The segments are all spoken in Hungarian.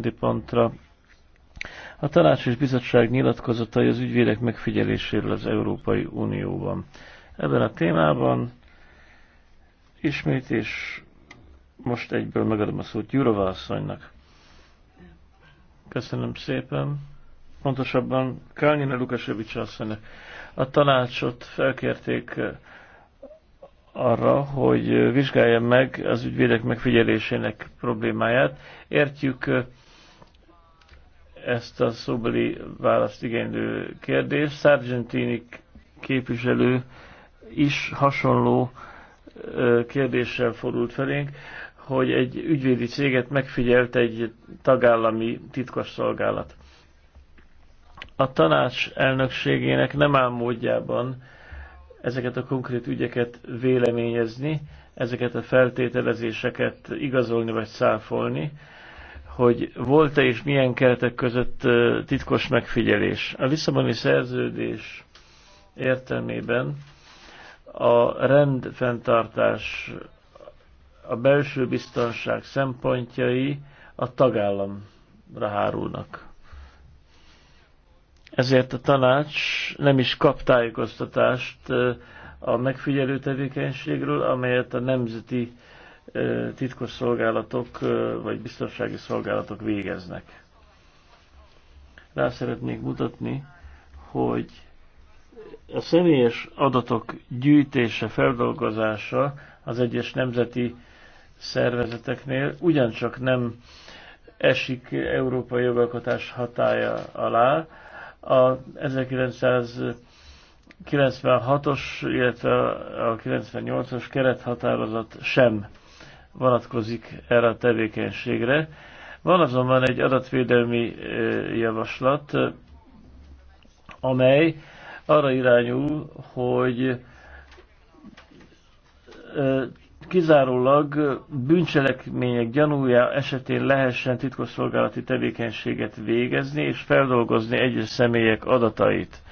központi pontra. A tanács és bizottság nyilatkozatai az ügyvédek megfigyeléséről az Európai Unióban. Ebben a témában ismét és most egyből megadom a szót Jurova asszonynak. Köszönöm szépen. Pontosabban Kálnyina Lukasevics asszonynak. A tanácsot felkérték eh, arra, hogy eh, vizsgálja meg az ügyvédek megfigyelésének problémáját. Értjük eh, ezt a szóbeli választ igénylő kérdést. Sargentini képviselő is hasonló kérdéssel fordult felénk, hogy egy ügyvédi céget megfigyelt egy tagállami titkosszolgálat. A tanács elnökségének nem áll módjában ezeket a konkrét ügyeket véleményezni, ezeket a feltételezéseket igazolni vagy száfolni, hogy volt-e és milyen keretek között titkos megfigyelés. A Lisszaboni szerződés értelmében a rendfenntartás, a belső biztonság szempontjai a tagállamra hárulnak. Ezért a tanács nem is kap tájékoztatást a megfigyelő tevékenységről, amelyet a nemzeti titkos szolgálatok vagy biztonsági szolgálatok végeznek. Rá szeretnék mutatni, hogy a személyes adatok gyűjtése, feldolgozása az egyes nemzeti szervezeteknél ugyancsak nem esik európai jogalkotás hatája alá. A 1996-os, illetve a 98-os kerethatározat sem vonatkozik erre a tevékenységre. Van azonban egy adatvédelmi javaslat, amely arra irányul, hogy kizárólag bűncselekmények gyanúja esetén lehessen titkosszolgálati tevékenységet végezni és feldolgozni egyes személyek adatait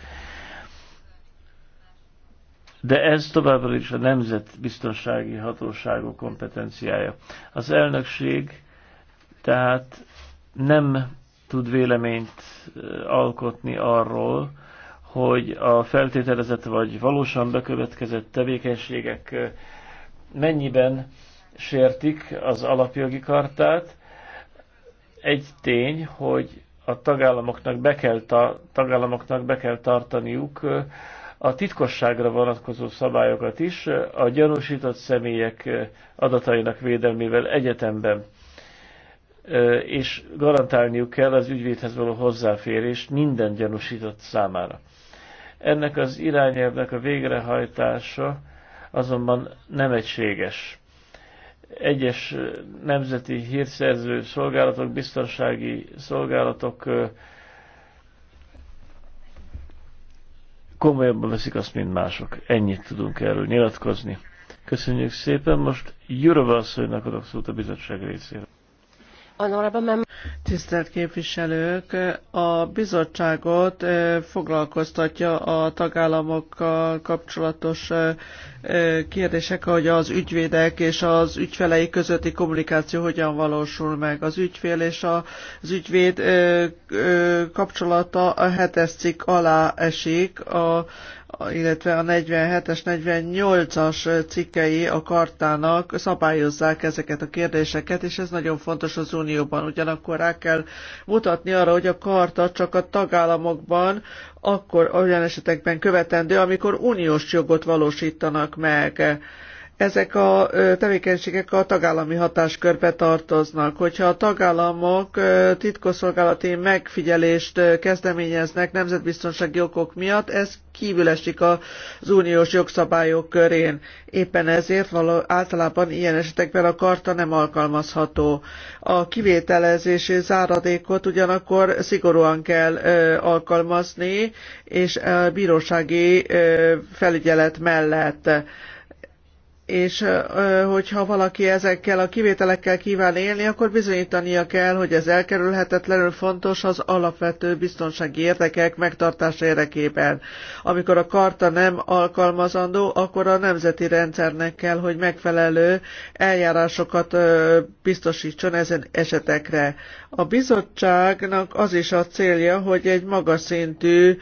de ez továbbra is a nemzetbiztonsági hatóságok kompetenciája. Az elnökség tehát nem tud véleményt alkotni arról, hogy a feltételezett vagy valósan bekövetkezett tevékenységek mennyiben sértik az alapjogi kartát. Egy tény, hogy a tagállamoknak be kell, ta, tagállamoknak be kell tartaniuk a titkosságra vonatkozó szabályokat is a gyanúsított személyek adatainak védelmével egyetemben és garantálniuk kell az ügyvédhez való hozzáférést minden gyanúsított számára. Ennek az irányelvnek a végrehajtása azonban nem egységes. Egyes nemzeti hírszerző szolgálatok, biztonsági szolgálatok komolyabban veszik azt, mint mások. Ennyit tudunk erről nyilatkozni. Köszönjük szépen, most Jurova asszonynak adok szót a bizottság részéről. Tisztelt képviselők, a bizottságot foglalkoztatja a tagállamokkal kapcsolatos kérdések, hogy az ügyvédek és az ügyfelei közötti kommunikáció hogyan valósul meg. Az ügyfél és az ügyvéd kapcsolata a hetes cikk alá esik, a, illetve a 47-es, 48-as cikkei a kartának szabályozzák ezeket a kérdéseket, és ez nagyon fontos az Unióban. Ugyanakkor rá kell mutatni arra, hogy a karta csak a tagállamokban akkor olyan esetekben követendő, amikor uniós jogot valósítanak meg ezek a tevékenységek a tagállami hatáskörbe tartoznak. Hogyha a tagállamok titkosszolgálati megfigyelést kezdeményeznek nemzetbiztonsági okok miatt, ez kívül esik az uniós jogszabályok körén. Éppen ezért való, általában ilyen esetekben a karta nem alkalmazható. A kivételezési záradékot ugyanakkor szigorúan kell ö, alkalmazni, és a bírósági ö, felügyelet mellett és hogyha valaki ezekkel a kivételekkel kíván élni, akkor bizonyítania kell, hogy ez elkerülhetetlenül fontos az alapvető biztonsági érdekek megtartása érdekében. Amikor a karta nem alkalmazandó, akkor a nemzeti rendszernek kell, hogy megfelelő eljárásokat biztosítson ezen esetekre. A bizottságnak az is a célja, hogy egy magas szintű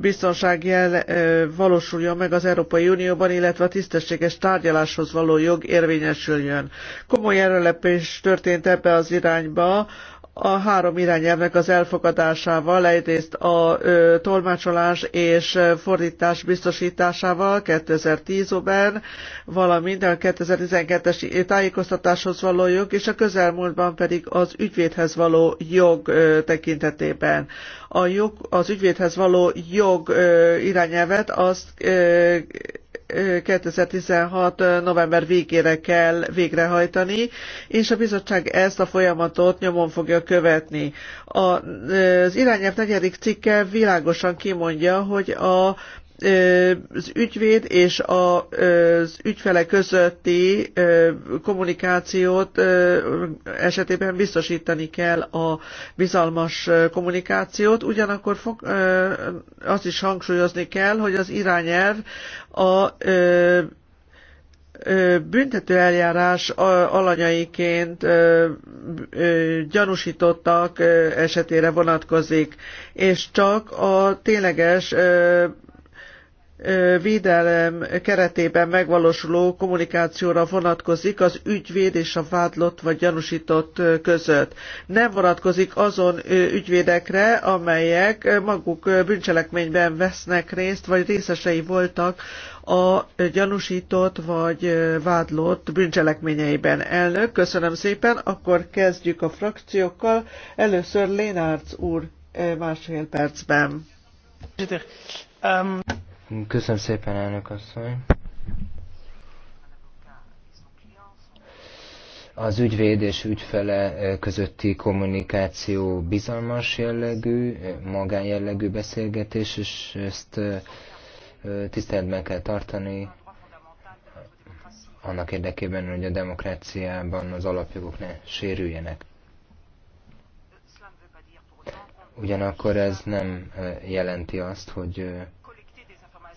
biztonság jel, valósuljon meg az Európai Unióban, illetve a tisztességes tárgyaláshoz való jog érvényesüljön. Komoly erőlepés történt ebbe az irányba a három irányelvnek az elfogadásával, egyrészt a ö, tolmácsolás és fordítás biztosításával 2010-ben, valamint a 2012-es tájékoztatáshoz való jog, és a közelmúltban pedig az ügyvédhez való jog ö, tekintetében. A jog, az ügyvédhez való jog ö, irányelvet azt ö, 2016. november végére kell végrehajtani, és a bizottság ezt a folyamatot nyomon fogja követni. az irányelv negyedik cikke világosan kimondja, hogy a az ügyvéd és az ügyfele közötti kommunikációt esetében biztosítani kell a bizalmas kommunikációt, ugyanakkor fog, azt is hangsúlyozni kell, hogy az irányelv a büntető eljárás alanyaiként gyanúsítottak esetére vonatkozik, és csak a tényleges védelem keretében megvalósuló kommunikációra vonatkozik az ügyvéd és a vádlott vagy gyanúsított között. Nem vonatkozik azon ügyvédekre, amelyek maguk bűncselekményben vesznek részt, vagy részesei voltak a gyanúsított vagy vádlott bűncselekményeiben. Elnök, köszönöm szépen, akkor kezdjük a frakciókkal. Először Lénárc úr másfél percben. Um... Köszönöm szépen, elnök asszony. Az ügyvéd és ügyfele eh, közötti kommunikáció bizalmas jellegű, eh, magánjellegű beszélgetés, és ezt eh, tiszteletben kell tartani annak érdekében, hogy a demokráciában az alapjogok ne sérüljenek. Ugyanakkor ez nem jelenti azt, hogy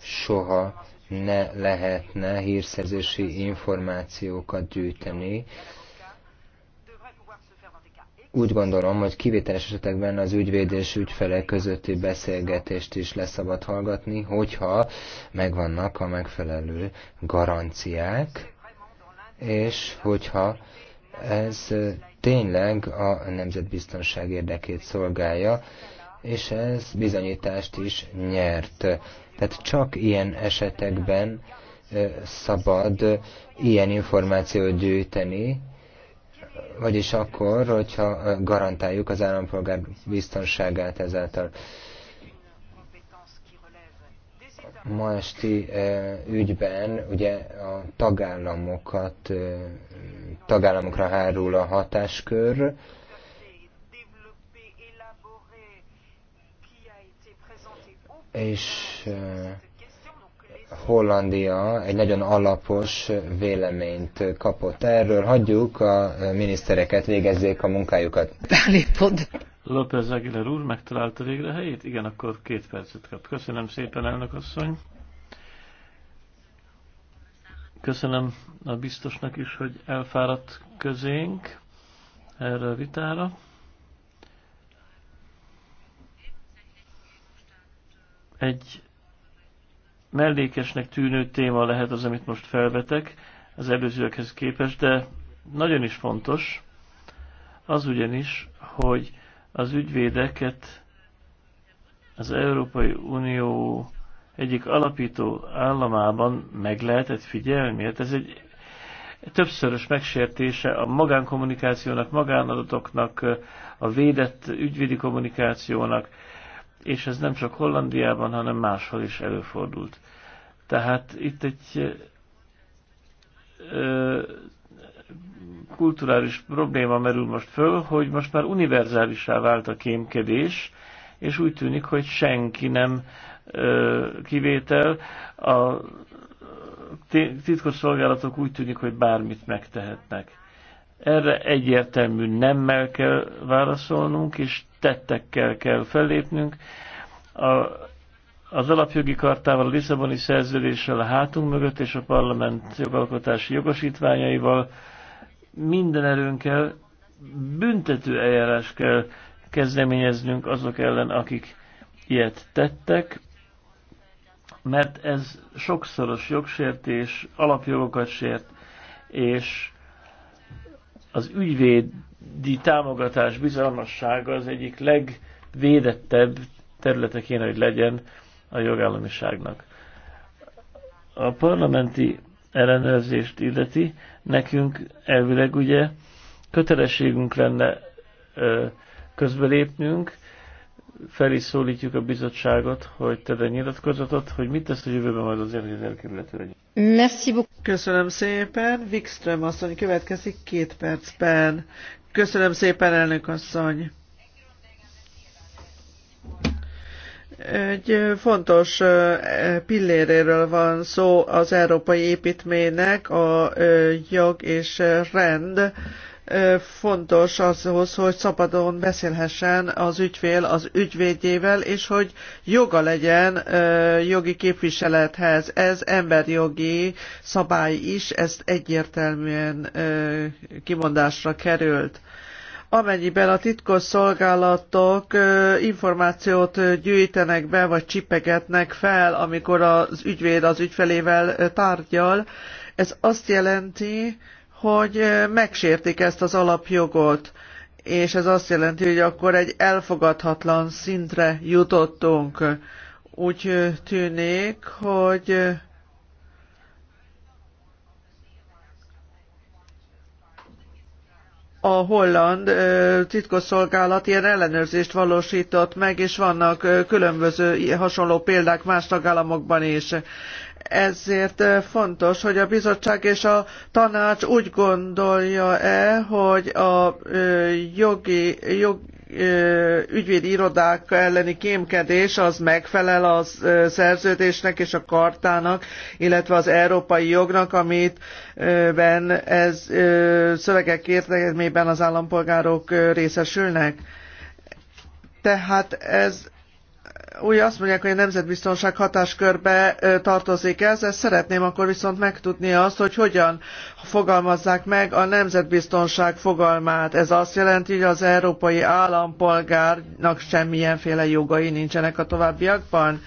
soha ne lehetne hírszerzési információkat gyűjteni. Úgy gondolom, hogy kivételes esetekben az ügyvéd és ügyfelek közötti beszélgetést is leszabad hallgatni, hogyha megvannak a megfelelő garanciák, és hogyha ez tényleg a nemzetbiztonság érdekét szolgálja, és ez bizonyítást is nyert. Tehát csak ilyen esetekben szabad ilyen információt gyűjteni, vagyis akkor, hogyha garantáljuk az állampolgár biztonságát ezáltal. Ma esti ügyben ugye a tagállamokat, tagállamokra hárul a hatáskör, és Hollandia egy nagyon alapos véleményt kapott erről. Hagyjuk a minisztereket végezzék a munkájukat. Belépod. López Aguilar úr megtalálta végre helyét? Igen, akkor két percet kap. Köszönöm szépen, elnök asszony. Köszönöm a biztosnak is, hogy elfáradt közénk erre a vitára. Egy mellékesnek tűnő téma lehet az, amit most felvetek az előzőekhez képest, de nagyon is fontos, az ugyanis, hogy az ügyvédeket az Európai Unió egyik alapító államában meg lehetett figyelni, mert hát ez egy többszörös megsértése a magánkommunikációnak, magánadatoknak, a védett ügyvédi kommunikációnak és ez nem csak Hollandiában, hanem máshol is előfordult. Tehát itt egy ö, kulturális probléma merül most föl, hogy most már univerzálisá vált a kémkedés, és úgy tűnik, hogy senki nem ö, kivétel. A titkos szolgálatok úgy tűnik, hogy bármit megtehetnek. Erre egyértelmű nemmel kell válaszolnunk, és tettekkel kell fellépnünk. A, az alapjogi kartával, a Lisszaboni szerződéssel a hátunk mögött és a parlament jogalkotási jogosítványaival minden erőnkkel büntető eljárás kell kezdeményeznünk azok ellen, akik ilyet tettek, mert ez sokszoros jogsértés, alapjogokat sért, és az ügyvéd támogatás bizalmassága az egyik legvédettebb területe kéne, hogy legyen a jogállamiságnak. A parlamenti ellenőrzést illeti, nekünk elvileg ugye kötelességünk lenne közbelépnünk, fel is szólítjuk a bizottságot, hogy tegye nyilatkozatot, hogy mit tesz a jövőben majd azért, hogy az elkerülhető legyen. Merci Köszönöm szépen. Wikström asszony következik két percben. Köszönöm szépen, elnök asszony. Egy fontos pilléréről van szó az európai építménynek, a jog és rend fontos azhoz, hogy szabadon beszélhessen az ügyfél az ügyvédjével, és hogy joga legyen jogi képviselethez. Ez emberjogi szabály is, ezt egyértelműen kimondásra került amennyiben a titkos szolgálatok információt gyűjtenek be, vagy csipegetnek fel, amikor az ügyvéd az ügyfelével tárgyal. Ez azt jelenti, hogy megsértik ezt az alapjogot, és ez azt jelenti, hogy akkor egy elfogadhatlan szintre jutottunk. Úgy tűnik, hogy a holland titkosszolgálat ilyen ellenőrzést valósított meg, és vannak különböző hasonló példák más tagállamokban is ezért fontos, hogy a bizottság és a tanács úgy gondolja-e, hogy a jogi, jog, ügyvédi irodák elleni kémkedés az megfelel a szerződésnek és a kartának, illetve az európai jognak, amit ben ez szövegek értelmében az állampolgárok részesülnek. Tehát ez úgy azt mondják, hogy a nemzetbiztonság hatáskörbe tartozik ez, ezt szeretném akkor viszont megtudni azt, hogy hogyan fogalmazzák meg a nemzetbiztonság fogalmát. Ez azt jelenti, hogy az európai állampolgárnak semmilyenféle jogai nincsenek a továbbiakban?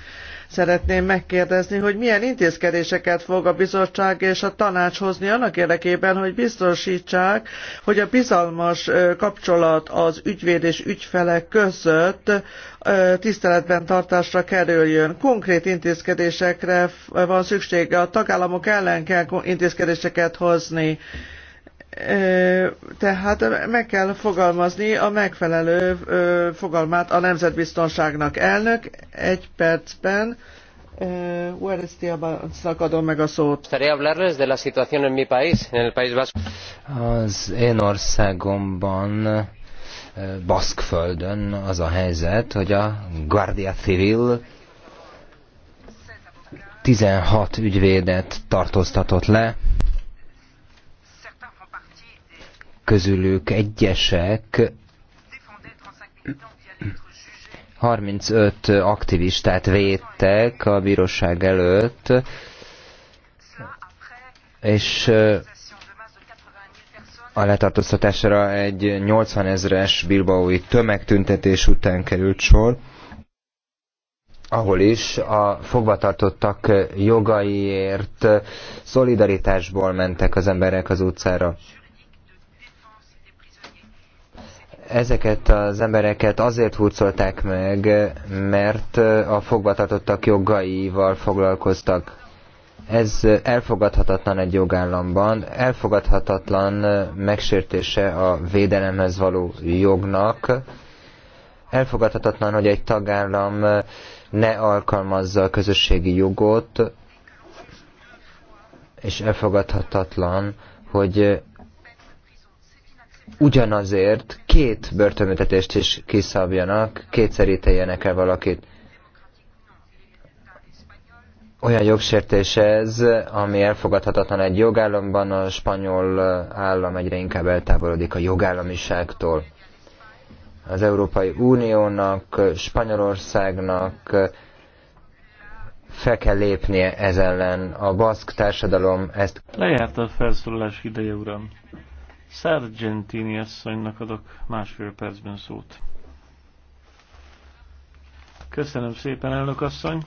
Szeretném megkérdezni, hogy milyen intézkedéseket fog a bizottság és a tanács hozni annak érdekében, hogy biztosítsák, hogy a bizalmas kapcsolat az ügyvéd és ügyfelek között tiszteletben tartásra kerüljön. Konkrét intézkedésekre van szüksége, a tagállamok ellen kell intézkedéseket hozni tehát meg kell fogalmazni a megfelelő fogalmát a nemzetbiztonságnak. Elnök, egy percben Juárez Tiabansznak adom meg a szót. Az én országomban, Baszkföldön az a helyzet, hogy a Guardia Civil 16 ügyvédet tartóztatott le, közülük egyesek 35 aktivistát védtek a bíróság előtt, és a letartóztatásra egy 80 ezres bilbaói tömegtüntetés után került sor, ahol is a fogvatartottak jogaiért szolidaritásból mentek az emberek az utcára ezeket az embereket azért hurcolták meg, mert a fogvatartottak jogaival foglalkoztak. Ez elfogadhatatlan egy jogállamban, elfogadhatatlan megsértése a védelemhez való jognak, elfogadhatatlan, hogy egy tagállam ne alkalmazza a közösségi jogot, és elfogadhatatlan, hogy ugyanazért két börtönbüntetést is kiszabjanak, kétszer ítéljenek el valakit. Olyan jogsértés ez, ami elfogadhatatlan egy jogállamban, a spanyol állam egyre inkább eltávolodik a jogállamiságtól. Az Európai Uniónak, Spanyolországnak fel kell lépnie ez ellen. A baszk társadalom ezt... Lejárt a felszólalás ideje, uram. Sargentini asszonynak adok másfél percben szót. Köszönöm szépen, elnök asszony.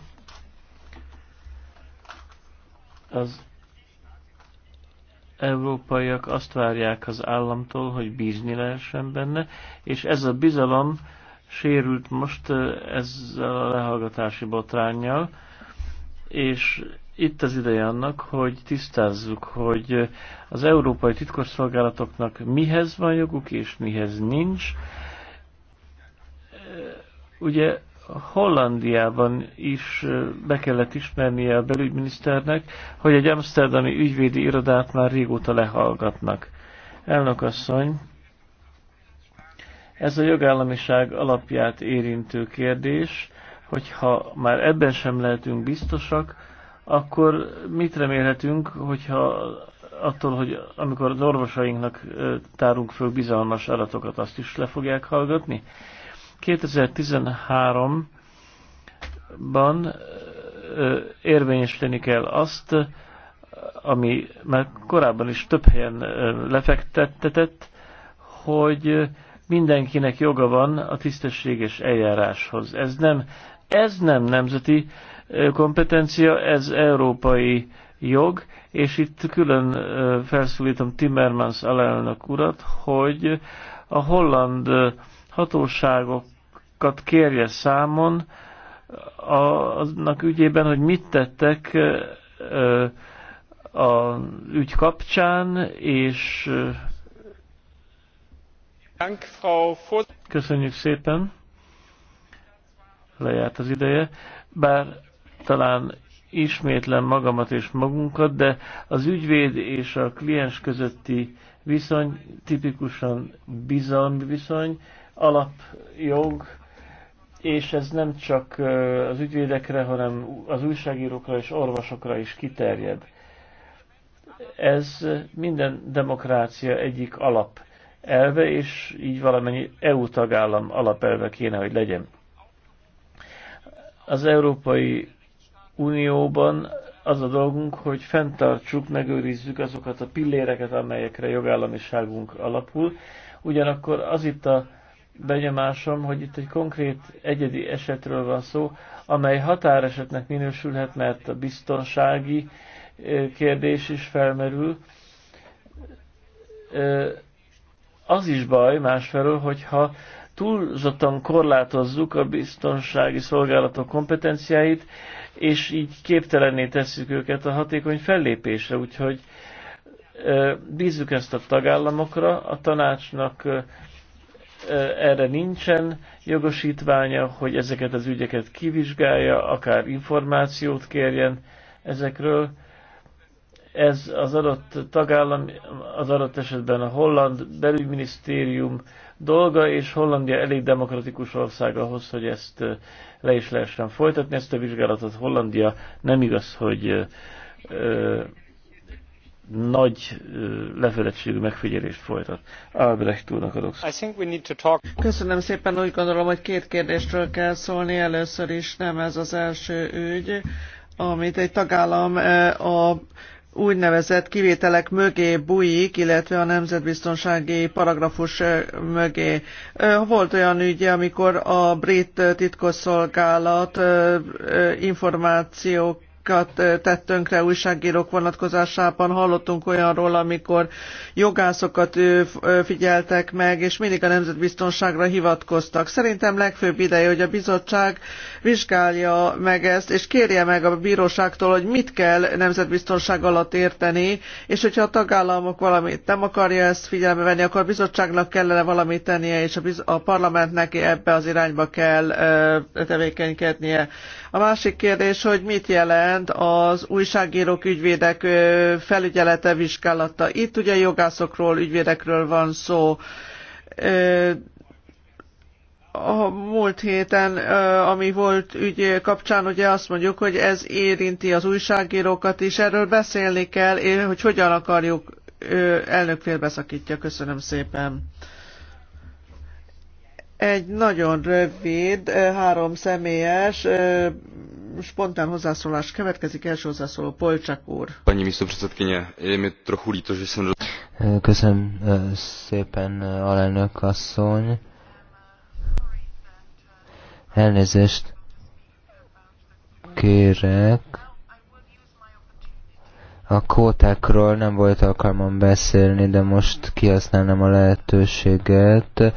Az európaiak azt várják az államtól, hogy bízni lehessen benne, és ez a bizalom sérült most eh, ezzel a lehallgatási botránnyal, és itt az ideje annak, hogy tisztázzuk, hogy az európai titkosszolgálatoknak mihez van joguk és mihez nincs. Ugye Hollandiában is be kellett ismernie a belügyminiszternek, hogy egy amsterdami ügyvédi irodát már régóta lehallgatnak. Elnök asszony, ez a jogállamiság alapját érintő kérdés, hogyha már ebben sem lehetünk biztosak, akkor mit remélhetünk, hogyha attól, hogy amikor az orvosainknak tárunk föl bizalmas adatokat, azt is le fogják hallgatni? 2013-ban érvényesíteni kell azt, ami már korábban is több helyen lefektettetett, hogy mindenkinek joga van a tisztességes eljáráshoz. Ez nem, ez nem nemzeti kompetencia, ez európai jog, és itt külön felszólítom Timmermans alelnök urat, hogy a holland hatóságokat kérje számon annak ügyében, hogy mit tettek a ügy kapcsán, és köszönjük szépen, lejárt az ideje, bár talán ismétlen magamat és magunkat, de az ügyvéd és a kliens közötti viszony tipikusan bizalmi viszony, alapjog, és ez nem csak az ügyvédekre, hanem az újságírókra és orvosokra is kiterjed. Ez minden demokrácia egyik alap elve, és így valamennyi EU tagállam alapelve kéne, hogy legyen. Az európai Unióban az a dolgunk, hogy fenntartsuk, megőrizzük azokat a pilléreket, amelyekre jogállamiságunk alapul. Ugyanakkor az itt a benyomásom, hogy itt egy konkrét egyedi esetről van szó, amely határesetnek minősülhet, mert a biztonsági kérdés is felmerül. Az is baj másfelől, hogyha túlzottan korlátozzuk a biztonsági szolgálatok kompetenciáit, és így képtelenné tesszük őket a hatékony fellépésre, úgyhogy bízzuk ezt a tagállamokra, a tanácsnak erre nincsen jogosítványa, hogy ezeket az ügyeket kivizsgálja, akár információt kérjen ezekről, ez az adott tagállam, az adott esetben a holland belügyminisztérium dolga, és Hollandia elég demokratikus ország ahhoz, hogy ezt le is lehessen folytatni. Ezt a vizsgálatot Hollandia nem igaz, hogy ö, nagy lefedettségű megfigyelést folytat. Albrecht úrnak adok Köszönöm szépen, úgy gondolom, hogy két kérdésről kell szólni. Először is nem ez az első ügy, amit egy tagállam a úgynevezett kivételek mögé bújik, illetve a nemzetbiztonsági paragrafus eh, mögé. Volt olyan ügy, amikor a brit eh, titkosszolgálat eh, információk jogszabályokat tettünkre újságírók vonatkozásában. Hallottunk olyanról, amikor jogászokat figyeltek meg, és mindig a nemzetbiztonságra hivatkoztak. Szerintem legfőbb ideje, hogy a bizottság vizsgálja meg ezt, és kérje meg a bíróságtól, hogy mit kell nemzetbiztonság alatt érteni, és hogyha a tagállamok valamit nem akarja ezt figyelme venni, akkor a bizottságnak kellene valamit tennie, és a, biz- a parlamentnek ebbe az irányba kell ö, tevékenykednie. A másik kérdés, hogy mit jelent megjelent az újságírók, ügyvédek felügyelete vizsgálata. Itt ugye jogászokról, ügyvédekről van szó a múlt héten, ami volt ügy kapcsán, ugye azt mondjuk, hogy ez érinti az újságírókat is, erről beszélni kell, és hogy hogyan akarjuk, elnök félbeszakítja, köszönöm szépen. Egy nagyon rövid, három személyes spontán hozzászólás következik. Első hozzászóló Polcsak úr. Pani misztopředsedkyně, Én mi trochu líto, že jsem... Köszönöm szépen, alelnök asszony. Elnézést kérek a kótákról nem volt alkalmam beszélni, de most kihasználnám a lehetőséget.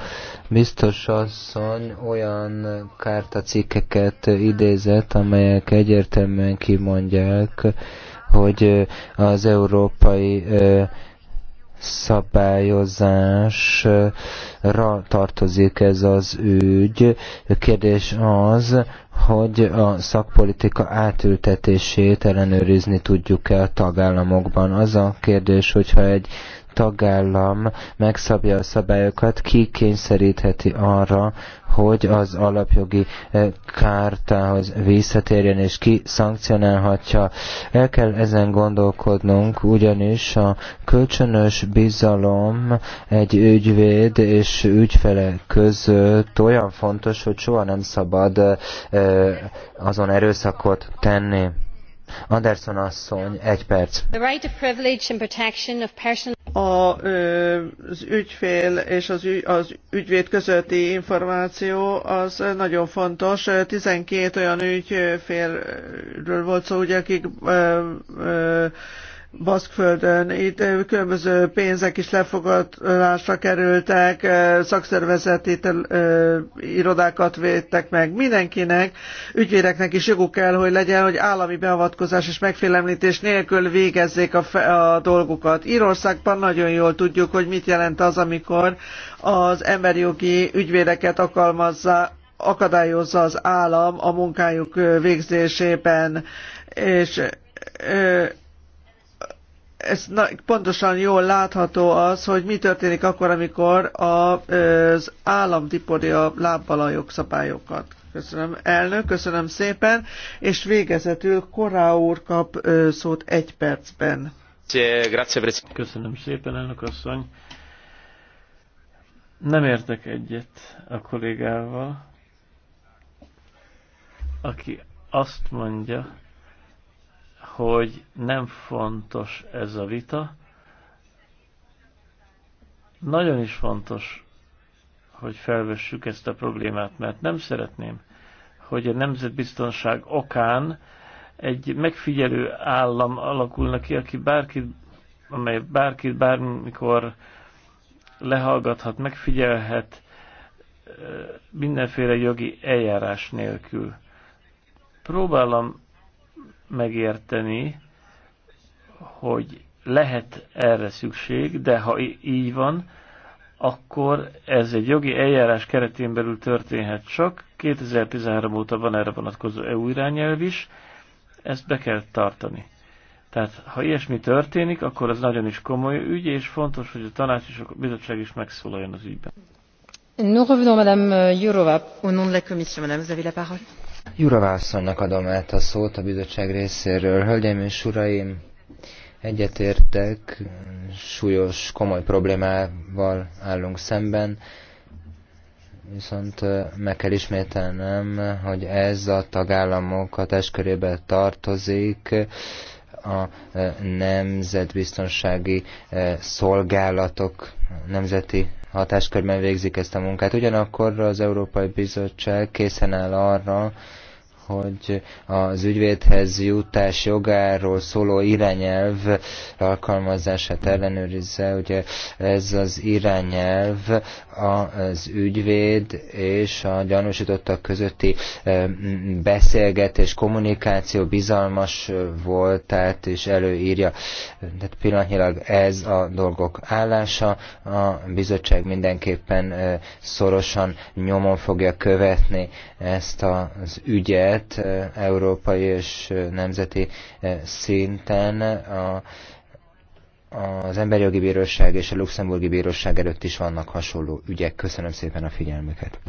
Biztos asszony olyan kártacikkeket idézett, amelyek egyértelműen kimondják, hogy az európai szabályozásra tartozik ez az ügy. A kérdés az, hogy a szakpolitika átültetését ellenőrizni tudjuk-e a tagállamokban. Az a kérdés, hogyha egy tagállam megszabja a szabályokat, ki kényszerítheti arra, hogy az alapjogi eh, kártához visszatérjen, és ki szankcionálhatja. El kell ezen gondolkodnunk, ugyanis a kölcsönös bizalom egy ügyvéd és ügyfele között olyan fontos, hogy soha nem szabad eh, eh, azon erőszakot tenni. Anderson asszony, egy perc. A, az ügyfél és az, ügy, az ügyvéd közötti információ az nagyon fontos. 12 olyan ügyfélről volt szó, ugye, akik ö, ö, Baszkföldön. Itt különböző pénzek is lefogadásra kerültek, szakszervezeti irodákat védtek meg. Mindenkinek, ügyvédeknek is joguk kell, hogy legyen, hogy állami beavatkozás és megfélemlítés nélkül végezzék a, a dolgukat. Írországban nagyon jól tudjuk, hogy mit jelent az, amikor az emberi jogi ügyvédeket alkalmazza, akadályozza az állam a munkájuk végzésében, és ez na, pontosan jól látható az, hogy mi történik akkor, amikor a, az állam tipori a lábbal a jogszabályokat. Köszönöm, elnök, köszönöm szépen, és végezetül Korá úr kap szót egy percben. Köszönöm szépen, elnök asszony. Nem értek egyet a kollégával, aki azt mondja, hogy nem fontos ez a vita. Nagyon is fontos, hogy felvessük ezt a problémát, mert nem szeretném, hogy a nemzetbiztonság okán egy megfigyelő állam alakulna ki, aki bárkit, amely bárkit bármikor lehallgathat, megfigyelhet mindenféle jogi eljárás nélkül. Próbálom megérteni, hogy lehet erre szükség, de ha így van, akkor ez egy jogi eljárás keretén belül történhet csak. 2013 óta van erre vonatkozó EU irányelv is, ezt be kell tartani. Tehát ha ilyesmi történik, akkor az nagyon is komoly ügy, és fontos, hogy a tanács és a bizottság is megszólaljon az ügyben. Nous revenons Madame Jourova au nom de la Commission. Madame, vous avez la parole. Juravászonynak adom át a szót a bizottság részéről. Hölgyeim és uraim, egyetértek, súlyos, komoly problémával állunk szemben, viszont eh, meg kell ismételnem, hogy ez a tagállamok hatáskörébe tartozik, a e, nemzetbiztonsági e, szolgálatok nemzeti hatáskörben végzik ezt a munkát. Ugyanakkor az Európai Bizottság készen áll arra, hogy az ügyvédhez jutás jogáról szóló irányelv alkalmazását ellenőrizze. Ugye ez az irányelv az ügyvéd és a gyanúsítottak közötti beszélgetés, kommunikáció bizalmas volt, tehát is előírja. Tehát pillanatnyilag ez a dolgok állása. A bizottság mindenképpen szorosan nyomon fogja követni ezt az ügyet, lehet európai és nemzeti szinten a, az Emberi Jogi Bíróság és a Luxemburgi Bíróság előtt is vannak hasonló ügyek. Köszönöm szépen a figyelmüket.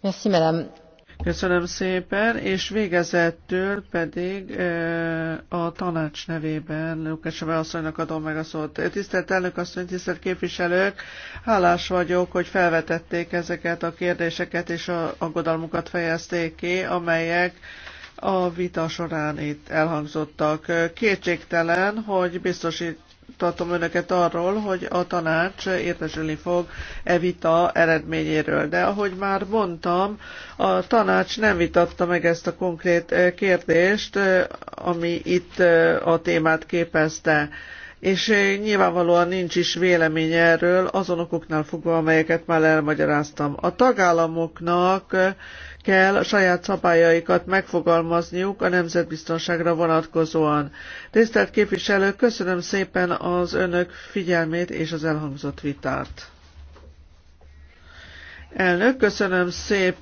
Merci, madame. Köszönöm szépen, és végezettől pedig a tanács nevében Lukács asszonynak adom meg a szót. Tisztelt elnök asszony, tisztelt képviselők, hálás vagyok, hogy felvetették ezeket a kérdéseket és a aggodalmukat fejezték ki, amelyek a vita során itt elhangzottak. Kétségtelen, hogy biztosít tartom önöket arról, hogy a tanács értesülni fog e vita eredményéről. De ahogy már mondtam, a tanács nem vitatta meg ezt a konkrét kérdést, ami itt a témát képezte és nyilvánvalóan nincs is vélemény erről azon okoknál fogva, amelyeket már elmagyaráztam. A tagállamoknak kell a saját szabályaikat megfogalmazniuk a nemzetbiztonságra vonatkozóan. Tisztelt képviselő, köszönöm szépen az önök figyelmét és az elhangzott vitát. Elnök, köszönöm szépen.